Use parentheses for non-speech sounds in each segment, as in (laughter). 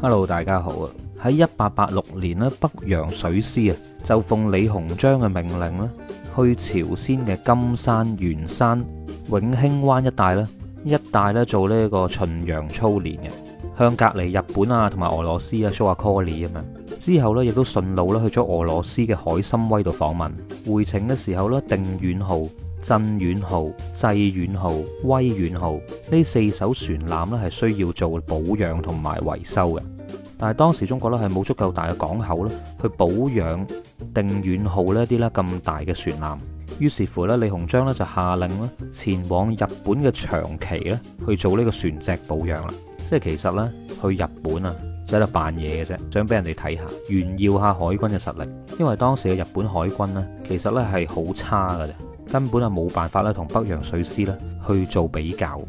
Hello，大家好啊！喺一八八六年咧，北洋水師啊，就奉李鴻章嘅命令咧，去朝鮮嘅金山、元山、永興灣一帶呢一帶咧做呢個巡洋操練嘅，向隔籬日本啊同埋俄羅斯啊 show 下 callie 咁樣。之後呢，亦都順路咧去咗俄羅斯嘅海參崴度訪問。回程嘅時候呢，定遠號。鎮遠號、濟遠號、威遠號呢四艘船艦咧，係需要做保養同埋維修嘅。但係當時中國咧係冇足夠大嘅港口咧，去保養定遠號呢啲咧咁大嘅船艦。於是乎咧，李鴻章咧就下令咧前往日本嘅長崎咧去做呢個船隻保養啦。即係其實咧去日本啊，就喺度扮嘢嘅啫，想俾人哋睇下炫耀下海軍嘅實力。因為當時嘅日本海軍呢，其實咧係好差嘅。根本就冇辦法啦，同北洋水師啦去做比較。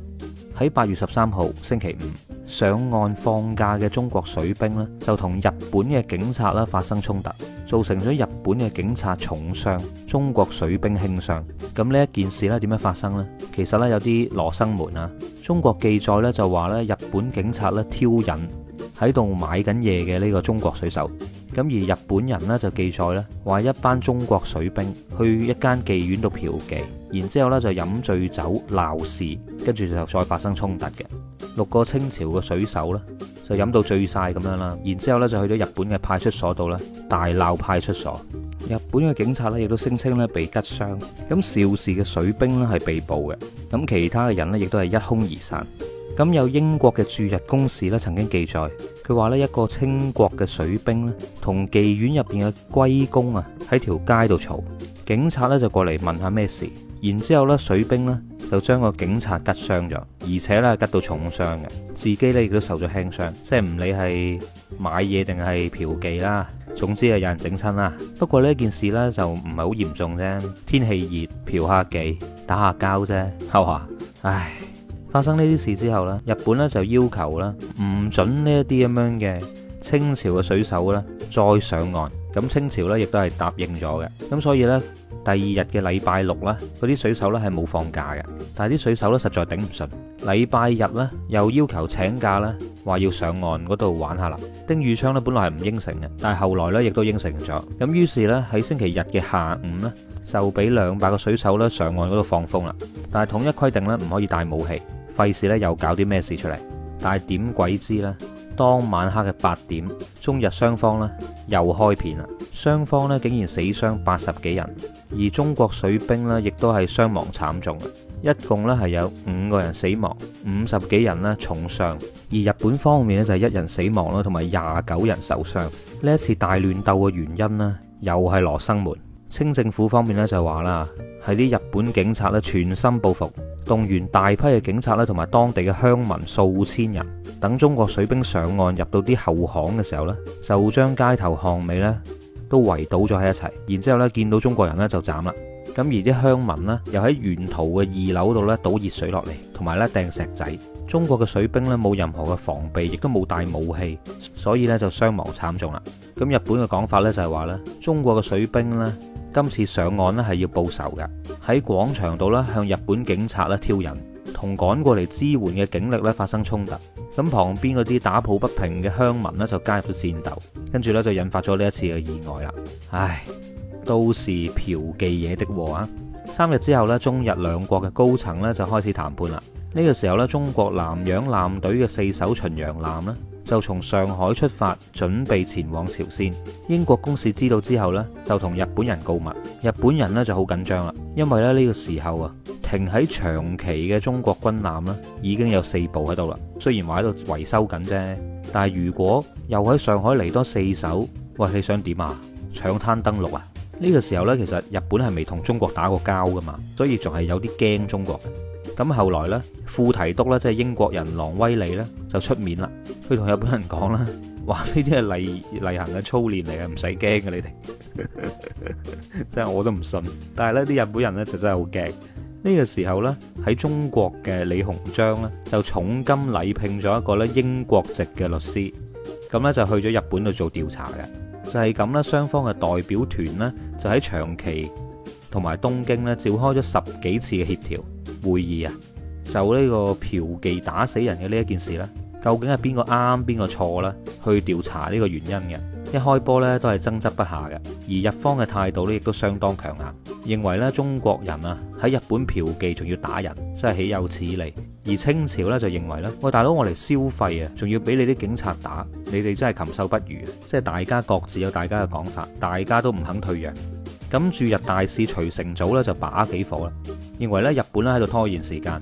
喺八月十三號星期五上岸放假嘅中國水兵咧，就同日本嘅警察啦發生衝突，造成咗日本嘅警察重傷，中國水兵輕傷。咁呢一件事咧點樣發生呢？其實咧有啲羅生門啊。中國記載咧就話咧日本警察咧挑釁喺度買緊嘢嘅呢個中國水手。咁而日本人呢，就記載呢話一班中國水兵去一間妓院度嫖妓，然之後呢就飲醉酒鬧事，跟住就再發生衝突嘅。六個清朝嘅水手呢，就飲到醉晒咁樣啦，然之後呢，就去咗日本嘅派出所度呢，大鬧派出所。日本嘅警察呢，亦都聲稱呢被刺傷。咁肇事嘅水兵呢，係被捕嘅，咁其他嘅人呢，亦都係一哄而散。咁有英國嘅駐日公使咧，曾經記載，佢話咧一個清國嘅水兵咧，同妓院入邊嘅龜公啊，喺條街度嘈，警察咧就過嚟問下咩事，然之後咧水兵咧就將個警察拮傷咗，而且咧拮到重傷嘅，自己咧亦都受咗輕傷，即係唔理係買嘢定係嫖妓啦，總之係有人整親啦。不過呢件事咧就唔係好嚴重啫，天氣熱，嫖下妓，打下交啫，係唉。發生呢啲事之後咧，日本咧就要求咧唔準呢一啲咁樣嘅清朝嘅水手咧再上岸。咁清朝咧亦都係答應咗嘅。咁所以呢，第二日嘅禮拜六咧，嗰啲水手咧係冇放假嘅。但係啲水手咧實在頂唔順，禮拜日咧又要求請假啦，話要上岸嗰度玩下啦。丁汝昌咧本來係唔應承嘅，但係後來咧亦都應承咗。咁於是呢，喺星期日嘅下午咧就俾兩百個水手咧上岸嗰度放風啦。但係統一規定咧唔可以帶武器。費事咧，又搞啲咩事出嚟？但係點鬼知呢？當晚黑嘅八點，中日雙方咧又開片啦。雙方咧竟然死傷八十幾人，而中國水兵呢亦都係傷亡慘重。一共咧係有五個人死亡，五十幾人咧重傷，而日本方面咧就係一人死亡啦，同埋廿九人受傷。呢一次大亂鬥嘅原因呢，又係羅生門。清政府方面咧就話啦，係啲日本警察咧，全心報復，動員大批嘅警察咧，同埋當地嘅鄉民數千人，等中國水兵上岸入到啲後巷嘅時候呢，就將街頭巷尾呢都圍堵咗喺一齊，然之後咧見到中國人呢，就斬啦。咁而啲鄉民呢，又喺沿途嘅二樓度呢倒熱水落嚟，同埋呢掟石仔。中國嘅水兵呢，冇任何嘅防備，亦都冇帶武器，所以呢，就傷亡慘重啦。咁日本嘅講法呢，就係話呢，中國嘅水兵呢，今次上岸咧係要報仇嘅，喺廣場度呢向日本警察咧挑人，同趕過嚟支援嘅警力咧發生衝突，咁旁邊嗰啲打抱不平嘅鄉民咧就加入咗戰鬥，跟住呢就引發咗呢一次嘅意外啦。唉，都是嫖妓惹的禍啊！三日之後呢，中日兩國嘅高層呢就開始談判啦。呢、呢個時候呢，中國南洋艦隊嘅四艘巡洋艦咧，就從上海出發，準備前往朝鮮。英國公使知道之後呢，就同日本人告密。日本人呢就好緊張啦，因為咧呢個時候啊，停喺長期嘅中國軍艦咧已經有四部喺度啦，雖然話喺度維修緊啫，但係如果又喺上海嚟多四艘，喂，你想點啊？搶灘登陸啊？呢個時候呢，其實日本係未同中國打過交噶嘛，所以仲係有啲驚中國嘅。咁後來咧，副提督呢，即係英國人郎威利呢，就出面啦。佢同日本人講啦，哇！呢啲係例例行嘅操練嚟嘅，唔使驚嘅，你哋 (laughs) 真係我都唔信。但係呢啲日本人呢，就真係好驚。呢、呢個時候呢，喺中國嘅李鴻章呢，就重金禮聘咗一個咧英國籍嘅律師，咁呢，就去咗日本度做調查嘅。就係咁啦，雙方嘅代表團呢，就喺長崎同埋東京呢，召開咗十幾次嘅協調會議啊，就呢個嫖妓打死人嘅呢一件事呢。究竟係邊個啱邊個錯咧？去調查呢個原因嘅，一開波呢都係爭執不下嘅。而日方嘅態度呢亦都相當強硬，認為咧中國人啊喺日本嫖妓仲要打人，真係豈有此理。而清朝呢就認為咧，喂大佬我嚟消費啊，仲要俾你啲警察打，你哋真係禽獸不如，即係大家各自有大家嘅講法，大家都唔肯退讓。咁駐日大使徐承祖呢就把起火啦，認為咧日本咧喺度拖延時間。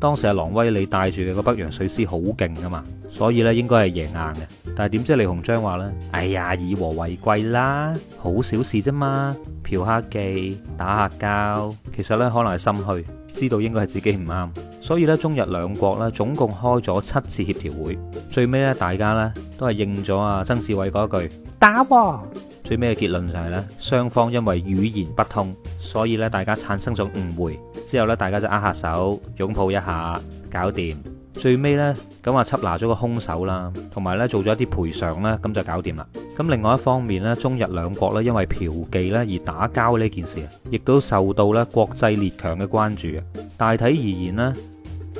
當時阿郎威利帶住嘅個北洋水師好勁噶嘛，所以咧應該係贏硬嘅。但係點知李鴻章話咧：哎呀，以和為貴啦，好小事啫嘛，嫖下妓，打下交，其實咧可能係心虛，知道應該係自己唔啱。所以咧，中日兩國咧總共開咗七次協調會，最尾咧大家咧都係應咗阿曾志偉嗰一句：打和。最尾嘅結論就係咧，雙方因為語言不通，所以咧大家產生咗誤會。之後咧，大家就握下手、擁抱一下，搞掂。最尾呢，咁話緝拿咗個兇手啦，同埋呢做咗一啲賠償啦，咁就搞掂啦。咁另外一方面呢，中日兩國呢，因為嫖妓呢而打交呢件事，亦都受到呢國際列強嘅關注。大體而言呢，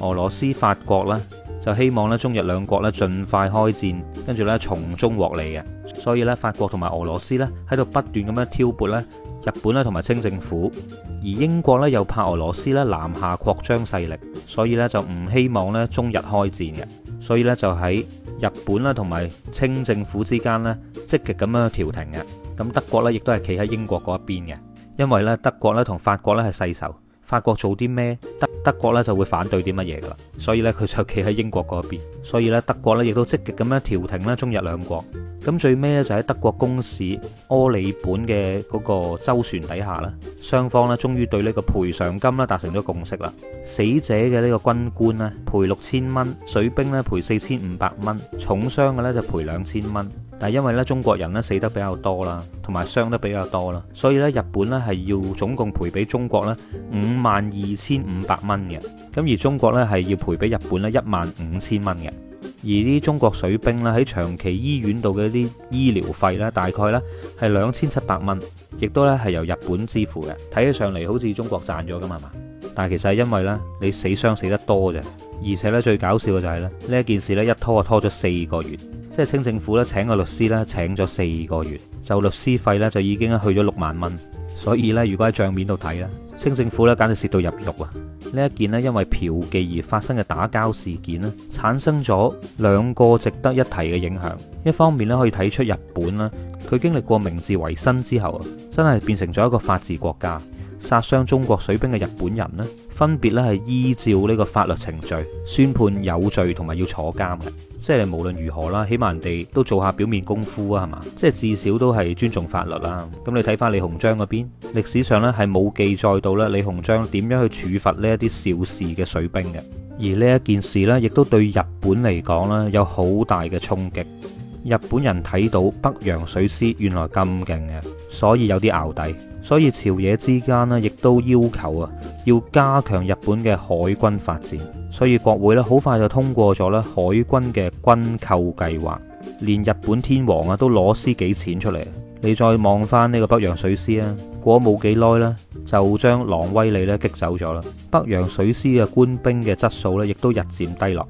俄羅斯、法國呢，就希望呢中日兩國呢盡快開戰，跟住呢從中獲利嘅。所以呢，法國同埋俄羅斯呢，喺度不斷咁樣挑撥呢。日本呢同埋清政府，而英國呢又怕俄羅斯呢南下擴張勢力，所以呢就唔希望呢中日開戰嘅，所以呢就喺日本呢同埋清政府之間呢積極咁樣調停嘅。咁德國呢亦都係企喺英國嗰一邊嘅，因為呢德國呢同法國呢係世仇，法國做啲咩德國咧就會反對啲乜嘢噶，所以咧佢就企喺英國嗰邊。所以咧德國咧亦都積極咁樣調停咧中日兩國。咁最尾咧就喺德國公使柯里本嘅嗰個周旋底下啦，雙方咧終於對呢個賠償金咧達成咗共識啦。死者嘅呢個軍官呢，賠六千蚊，水兵呢，賠四千五百蚊，重傷嘅咧就賠兩千蚊。但係因為咧，中國人咧死得比較多啦，同埋傷得比較多啦，所以咧日本咧係要總共賠俾中國咧五萬二千五百蚊嘅。咁而中國咧係要賠俾日本咧一萬五千蚊嘅。而啲中國水兵咧喺長崎醫院度嘅啲醫療費咧，大概咧係兩千七百蚊，亦都咧係由日本支付嘅。睇起上嚟好似中國賺咗㗎嘛？但係其實係因為咧你死傷死得多啫。而且咧最搞笑嘅就係咧呢一件事咧一拖就拖咗四個月。即係清政府咧，請個律師咧，請咗四個月，就律師費咧就已經去咗六萬蚊，所以咧，如果喺賬面度睇咧，清政府咧簡直蝕到入獄啊！呢一件咧，因為嫖妓而發生嘅打交事件咧，產生咗兩個值得一提嘅影響。一方面咧，可以睇出日本咧，佢經歷過明治維新之後啊，真係變成咗一個法治國家。殺傷中國水兵嘅日本人呢，分別咧係依照呢個法律程序宣判有罪同埋要坐監嘅，即係無論如何啦，起碼人哋都做下表面功夫啊，係嘛，即係至少都係尊重法律啦。咁你睇翻李鴻章嗰邊，歷史上呢係冇記載到呢李鴻章點樣去處罰呢一啲肇事嘅水兵嘅，而呢一件事呢，亦都對日本嚟講呢，有好大嘅衝擊。日本人睇到北洋水師原來咁勁嘅，所以有啲淆底。所以朝野之間咧，亦都要求啊，要加強日本嘅海軍發展。所以國會咧，好快就通過咗咧海軍嘅軍購計劃。連日本天皇啊，都攞私己錢出嚟。你再望翻呢個北洋水師啊，過冇幾耐咧，就將琅威利咧擊走咗啦。北洋水師嘅官兵嘅質素咧，亦都日漸低落。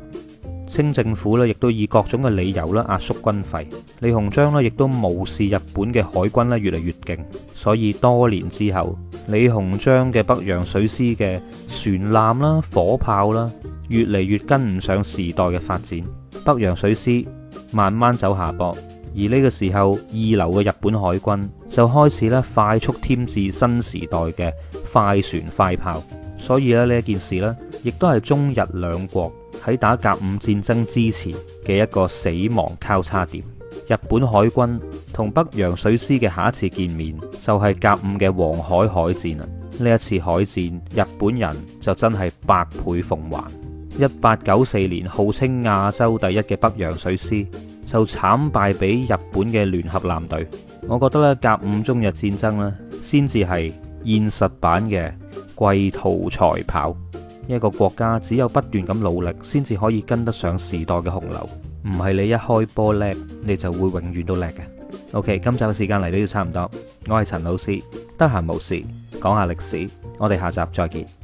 清政府咧，亦都以各種嘅理由啦，壓縮軍費，李鴻章呢亦都無視日本嘅海軍咧越嚟越勁，所以多年之後，李鴻章嘅北洋水師嘅船艦啦、火炮啦，越嚟越跟唔上時代嘅發展，北洋水師慢慢走下坡。而呢個時候，二流嘅日本海軍就開始咧快速添置新時代嘅快船快炮，所以咧呢一件事咧，亦都係中日兩國。喺打甲午戰爭之前嘅一個死亡交叉點，日本海軍同北洋水師嘅下一次見面就係甲午嘅黃海海戰啦。呢一次海戰，日本人就真係百倍奉還。一八九四年，號稱亞洲第一嘅北洋水師就慘敗俾日本嘅聯合艦隊。我覺得咧，甲午中日戰爭咧，先至係現實版嘅龜兔賽跑。一個國家只有不斷咁努力，先至可以跟得上時代嘅洪流。唔係你一開波叻，你就會永遠都叻嘅。OK，今集嘅時間嚟到要差唔多。我係陳老師，得閒無事講下歷史。我哋下集再見。